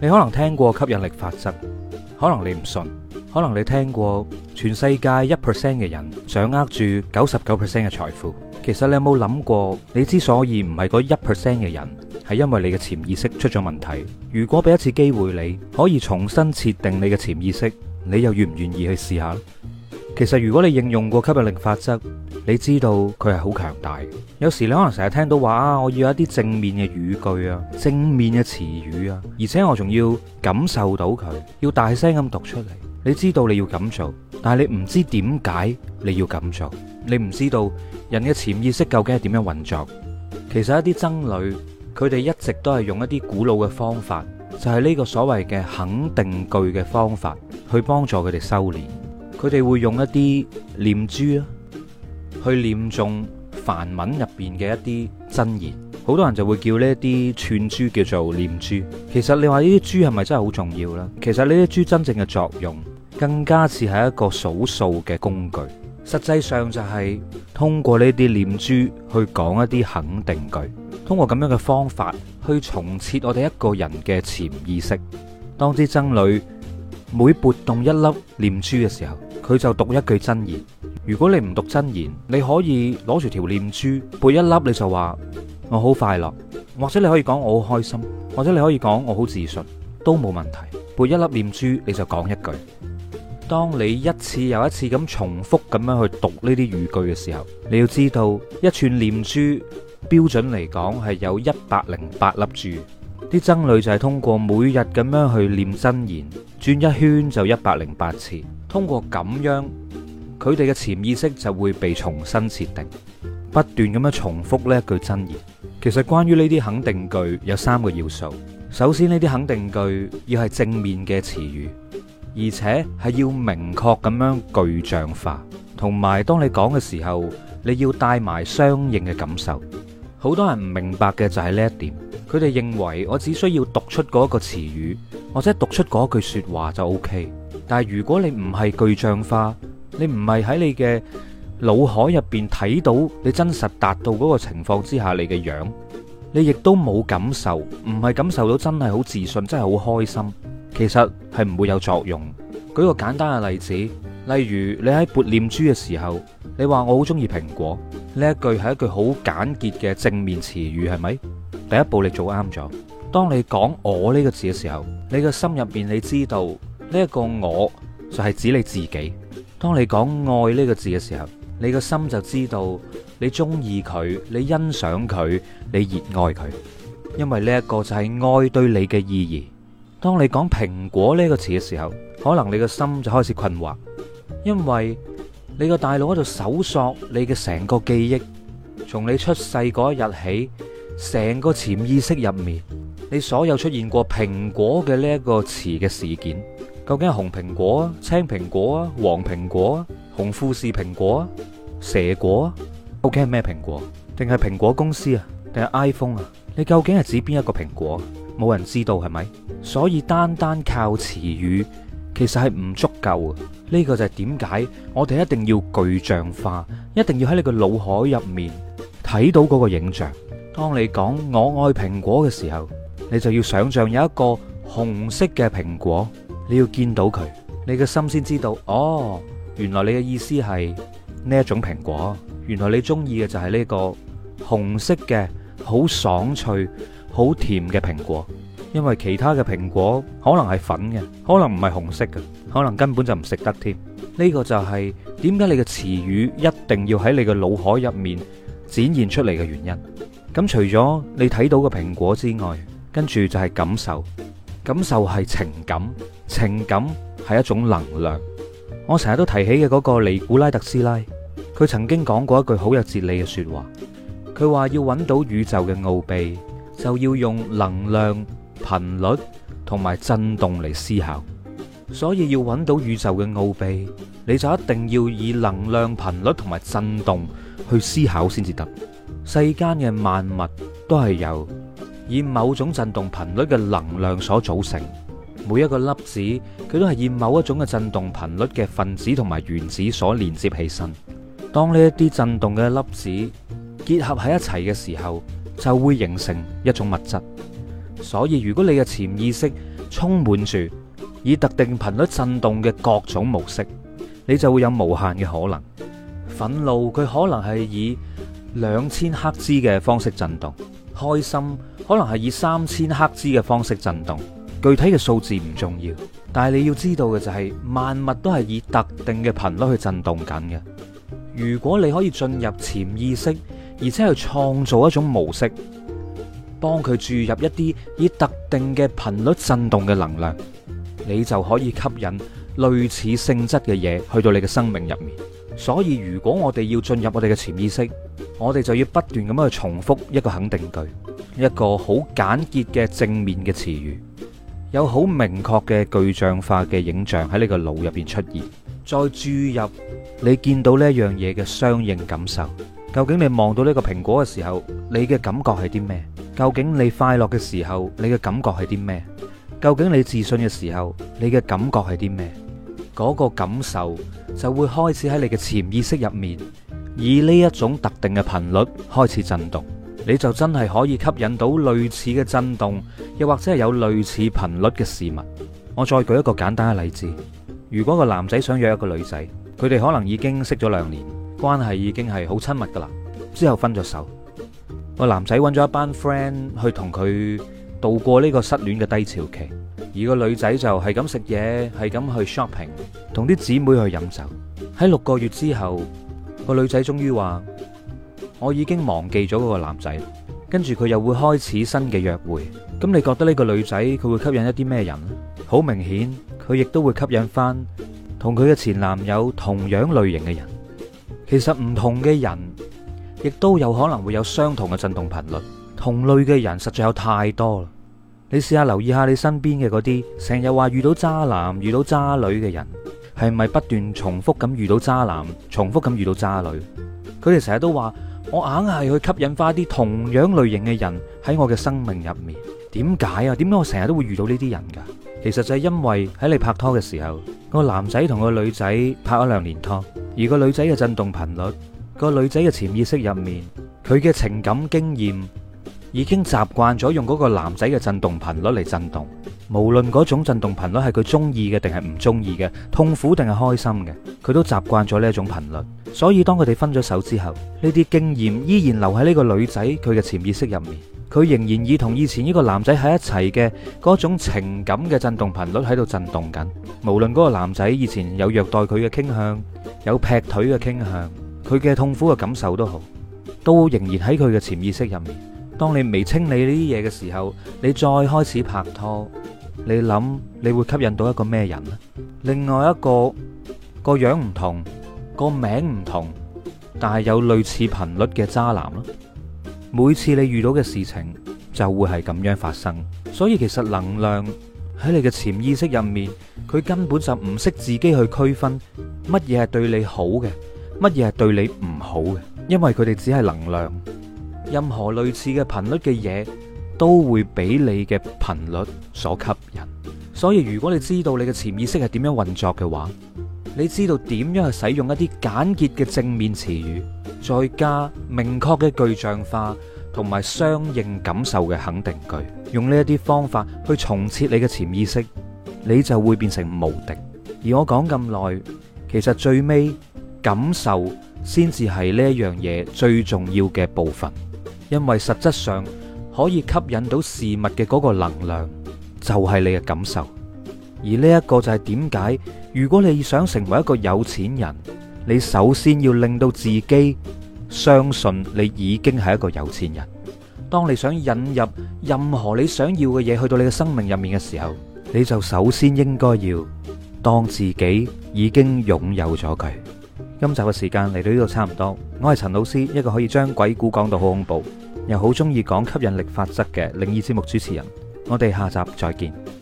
你可能聽過吸引力法則，可能你唔信，可能你聽過全世界一 percent 嘅人掌握住九十九 percent 嘅財富。其實你有冇諗過，你之所以唔係嗰一 percent 嘅人，係因為你嘅潛意識出咗問題。如果俾一次機會你，你可以重新設定你嘅潛意識，你又願唔願意去試下？其實如果你應用過吸引力法則，你知道佢係好強大。有時你可能成日聽到話啊，我要一啲正面嘅語句啊，正面嘅詞語啊，而且我仲要感受到佢，要大聲咁讀出嚟。你知道你要咁做，但係你唔知點解你要咁做，你唔知道人嘅潛意識究竟係點樣運作。其實一啲僧侶，佢哋一直都係用一啲古老嘅方法，就係、是、呢個所謂嘅肯定句嘅方法，去幫助佢哋修煉。佢哋會用一啲念珠啦，去念誦梵文入邊嘅一啲真言，好多人就會叫呢啲串珠叫做念珠。其實你話呢啲珠係咪真係好重要呢？其實呢啲珠真正嘅作用，更加似係一個數數嘅工具。實際上就係通過呢啲念珠去講一啲肯定句，通過咁樣嘅方法去重設我哋一個人嘅潛意識。當啲僧侶每撥動一粒念珠嘅時候，佢就讀一句真言。如果你唔讀真言，你可以攞住條念珠，撥一粒你就話我好快樂，或者你可以講我好開心，或者你可以講我好自信，都冇問題。撥一粒念珠，你就講一句。當你一次又一次咁重複咁樣去讀呢啲語句嘅時候，你要知道一串念珠標準嚟講係有一百零八粒珠。啲僧侶就係通過每日咁樣去念真言，轉一圈就一百零八次。通過咁樣，佢哋嘅潛意識就會被重新設定，不斷咁樣重複呢句真言。其實關於呢啲肯定句有三個要素，首先呢啲肯定句要係正面嘅詞語，而且係要明確咁樣具象化，同埋當你講嘅時候，你要帶埋相應嘅感受。好多人唔明白嘅就係呢一點，佢哋認為我只需要讀出嗰一個詞語，或者讀出嗰句說話就 OK。但係如果你唔係具象化，你唔係喺你嘅腦海入邊睇到你真實達到嗰個情況之下你嘅樣，你亦都冇感受，唔係感受到真係好自信，真係好開心，其實係唔會有作用。舉個簡單嘅例子，例如你喺撥念珠嘅時候。你話，我好中意蘋果，呢一句係一句好簡潔嘅正面詞語係咪？第一步你做啱咗。當你講我呢個字嘅時候，你個心入邊你知道呢一個我就係指你自己。當你講愛呢個字嘅時候，你個心就知道你中意佢，你欣賞佢，你熱愛佢。因為呢一個就係愛對你嘅意義。當你講蘋果呢個詞嘅時候，可能你個心就開始困惑，因為。你個大腦喺度搜索你嘅成個記憶，從你出世嗰一日起，成個潛意識入面，你所有出現過蘋果嘅呢一個詞嘅事件，究竟係紅蘋果啊、青蘋果啊、黃蘋果啊、紅富士蘋果啊、蛇果啊，OK 係咩蘋果？定係蘋果公司啊？定係 iPhone 啊？你究竟係指邊一個蘋果？冇人知道係咪？所以單單靠詞語。其實係唔足夠啊！呢個就係點解我哋一定要具象化，一定要喺你個腦海入面睇到嗰個影像。當你講我愛蘋果嘅時候，你就要想象有一個紅色嘅蘋果，你要見到佢，你嘅心先知道哦。原來你嘅意思係呢一種蘋果，原來你中意嘅就係呢個紅色嘅好爽脆、好甜嘅蘋果。因為其他嘅蘋果可能係粉嘅，可能唔係紅色嘅，可能根本就唔食得添。呢個就係點解你嘅詞語一定要喺你嘅腦海入面展現出嚟嘅原因。咁、嗯、除咗你睇到嘅蘋果之外，跟住就係感受，感受係情感，情感係一種能量。我成日都提起嘅嗰個尼古拉特斯拉，佢曾經講過一句好有哲理嘅說話，佢話要揾到宇宙嘅奧秘，就要用能量，頻率同埋震動嚟思考，所以要揾到宇宙嘅奧秘，你就一定要以能量頻率同埋震動去思考先至得。世間嘅萬物都係由以某種震動頻率嘅能量所組成，每一個粒子佢都係以某一種嘅震動頻率嘅分子同埋原子所連接起身。當呢一啲震動嘅粒子結合喺一齊嘅時候，就會形成一種物質。所以，如果你嘅潛意識充滿住以特定頻率震動嘅各種模式，你就會有無限嘅可能。憤怒佢可能係以兩千赫茲嘅方式震動，開心可能係以三千赫茲嘅方式震動。具體嘅數字唔重要，但係你要知道嘅就係、是、萬物都係以特定嘅頻率去震動緊嘅。如果你可以進入潛意識，而且去創造一種模式。幫佢注入一啲以特定嘅頻率震動嘅能量，你就可以吸引類似性質嘅嘢去到你嘅生命入面。所以，如果我哋要進入我哋嘅潛意識，我哋就要不斷咁樣去重複一個肯定句，一個好簡潔嘅正面嘅詞語，有好明確嘅具象化嘅影像喺你個腦入邊出現，再注入你見到呢樣嘢嘅相應感受。究竟你望到呢個蘋果嘅時候，你嘅感覺係啲咩？究竟你快樂嘅時候，你嘅感覺係啲咩？究竟你自信嘅時候，你嘅感覺係啲咩？嗰個感受就會開始喺你嘅潛意識入面，以呢一種特定嘅頻率開始震動，你就真係可以吸引到類似嘅震動，又或者係有類似頻率嘅事物。我再舉一個簡單嘅例子：如果個男仔想約一個女仔，佢哋可能已經識咗兩年，關係已經係好親密噶啦，之後分咗手。個男仔揾咗一班 friend 去同佢度過呢個失戀嘅低潮期，而個女仔就係咁食嘢，係咁去 shopping，同啲姊妹去飲酒。喺六個月之後，個女仔終於話：我已經忘記咗嗰個男仔。跟住佢又會開始新嘅約會。咁你覺得呢個女仔佢會吸引一啲咩人咧？好明顯，佢亦都會吸引翻同佢嘅前男友同樣類型嘅人。其實唔同嘅人。亦都有可能會有相同嘅震動頻率，同類嘅人實在有太多啦。你試下留意下你身邊嘅嗰啲，成日話遇到渣男、遇到渣女嘅人，係咪不斷重複咁遇到渣男，重複咁遇到渣女？佢哋成日都話我硬係去吸引翻啲同樣類型嘅人喺我嘅生命入面。點解啊？點解我成日都會遇到呢啲人噶？其實就係因為喺你拍拖嘅時候，個男仔同個女仔拍咗兩年拖，而個女仔嘅震動頻率。個女仔嘅潛意識入面，佢嘅情感經驗已經習慣咗用嗰個男仔嘅震動頻率嚟震動。無論嗰種震動頻率係佢中意嘅定係唔中意嘅，痛苦定係開心嘅，佢都習慣咗呢一種頻率。所以當佢哋分咗手之後，呢啲經驗依然留喺呢個女仔佢嘅潛意識入面，佢仍然以同以前呢個男仔喺一齊嘅嗰種情感嘅震動頻率喺度震動緊。無論嗰個男仔以前有虐待佢嘅傾向，有劈腿嘅傾向。佢嘅痛苦嘅感受都好，都仍然喺佢嘅潛意識入面。當你未清理呢啲嘢嘅時候，你再開始拍拖，你諗你會吸引到一個咩人呢？另外一個個樣唔同，個名唔同，但係有類似頻率嘅渣男咯。每次你遇到嘅事情就會係咁樣發生，所以其實能量喺你嘅潛意識入面，佢根本就唔識自己去區分乜嘢係對你好嘅。乜嘢係對你唔好嘅？因為佢哋只係能量，任何類似嘅頻率嘅嘢都會俾你嘅頻率所吸引。所以如果你知道你嘅潛意識係點樣運作嘅話，你知道點樣去使用一啲簡潔嘅正面詞語，再加明確嘅具象化同埋相應感受嘅肯定句，用呢一啲方法去重設你嘅潛意識，你就會變成無敵。而我講咁耐，其實最尾。感受先至係呢一樣嘢最重要嘅部分，因為實質上可以吸引到事物嘅嗰個能量就係你嘅感受。而呢一個就係點解，如果你想成為一個有錢人，你首先要令到自己相信你已經係一個有錢人。當你想引入任何你想要嘅嘢去到你嘅生命入面嘅時候，你就首先應該要當自己已經擁有咗佢。今集嘅時間嚟到呢度差唔多，我係陳老師，一個可以將鬼故講到好恐怖，又好中意講吸引力法則嘅靈異節目主持人，我哋下集再見。